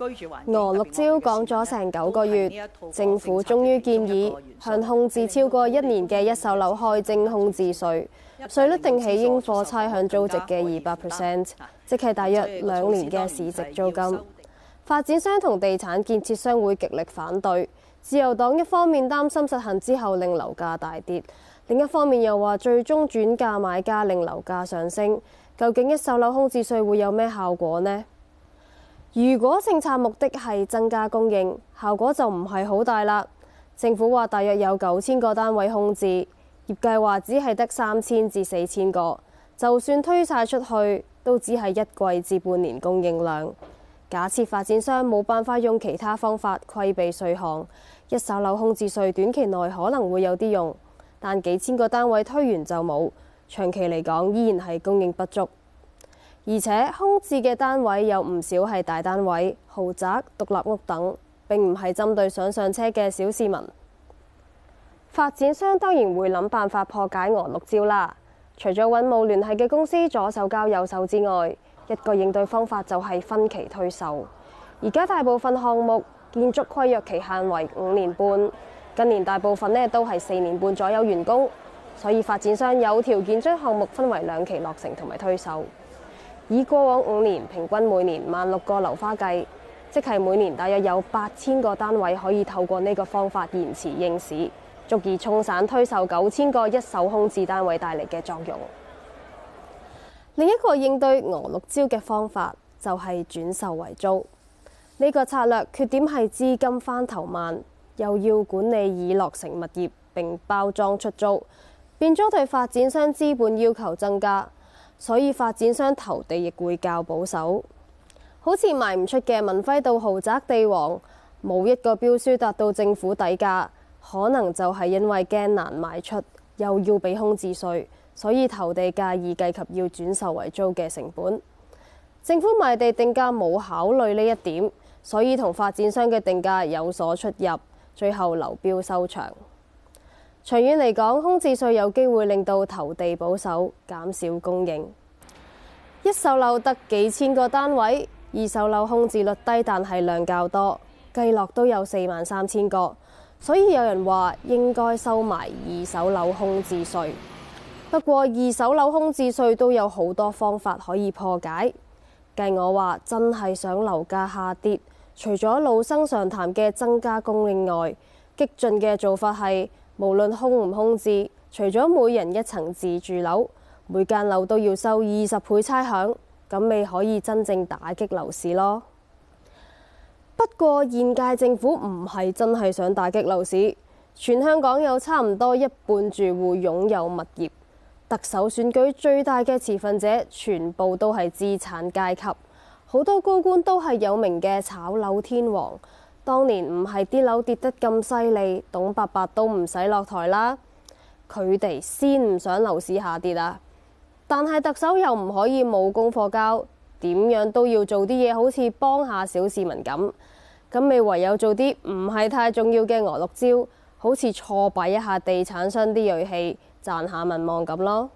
俄六招講咗成九個月，政，政府終於建議向空置超過一年嘅一手樓開徵空置稅，稅率 100 00 定喺應課差餉租值嘅二百%，即係大約兩年嘅市值租金。發展商同地產建設商會極力反對。自由黨一方面擔心實行之後令樓價大跌，另一方面又話最終轉嫁買家令樓價上升。究竟一手樓空置稅會有咩效果呢？如果政策目的係增加供應，效果就唔係好大啦。政府話大約有九千個單位空置，業界話只係得三千至四千個。就算推晒出去，都只係一季至半年供應量。假設發展商冇辦法用其他方法規避稅項，一手樓空置稅短期內可能會有啲用，但幾千個單位推完就冇，長期嚟講依然係供應不足。而且空置嘅單位有唔少係大單位、豪宅、獨立屋等，並唔係針對想上，上車嘅小市民。發展商當然會諗辦法破解俄六招啦。除咗揾冇聯繫嘅公司左手交右手之外，一個應對方法就係分期推售。而家大部分項目建築規約期限為五年半，近年大部分呢都係四年半左右完工，所以發展商有條件將項目分為兩期落成同埋推售。以過往五年平均每年萬六個樓花計，即係每年大約有八千個單位可以透過呢個方法延遲應市，足以沖散推售九千個一手空置單位帶嚟嘅作用。另一個應對娥六招嘅方法就係、是、轉售為租，呢、這個策略缺點係資金翻頭慢，又要管理已落成物業並包裝出租，變咗對發展商資本要求增加。所以發展商投地亦會較保守，好似賣唔出嘅文輝道豪宅地王，冇一個標書達到政府底價，可能就係因為驚難賣出，又要俾空置稅，所以投地價已計及要轉售為租嘅成本。政府賣地定價冇考慮呢一點，所以同發展商嘅定價有所出入，最後流標收場。長遠嚟講，空置稅有機會令到投地保守，減少供應。一手樓得幾千個單位，二手樓空置率低，但係量較多，計落都有四萬三千個。所以有人話應該收埋二手樓空置稅。不過二手樓空置稅都有好多方法可以破解。計我話真係想樓價下跌，除咗老生常談嘅增加供應外，激進嘅做法係，無論空唔空置，除咗每人一層自住樓，每間樓都要收二十倍差餉，咁咪可以真正打擊樓市咯。不過現屆政府唔係真係想打擊樓市，全香港有差唔多一半住戶擁有物業，特首選舉最大嘅持份者全部都係資產階級，好多高官都係有名嘅炒樓天王。當年唔係啲樓跌得咁犀利，董伯伯都唔使落台啦。佢哋先唔想樓市下跌啊。但係特首又唔可以冇功課交，點樣都要做啲嘢，好似幫下小市民咁。咁你唯有做啲唔係太重要嘅鵝六招，好似挫敗一下地產商啲銳氣，賺下民望咁咯。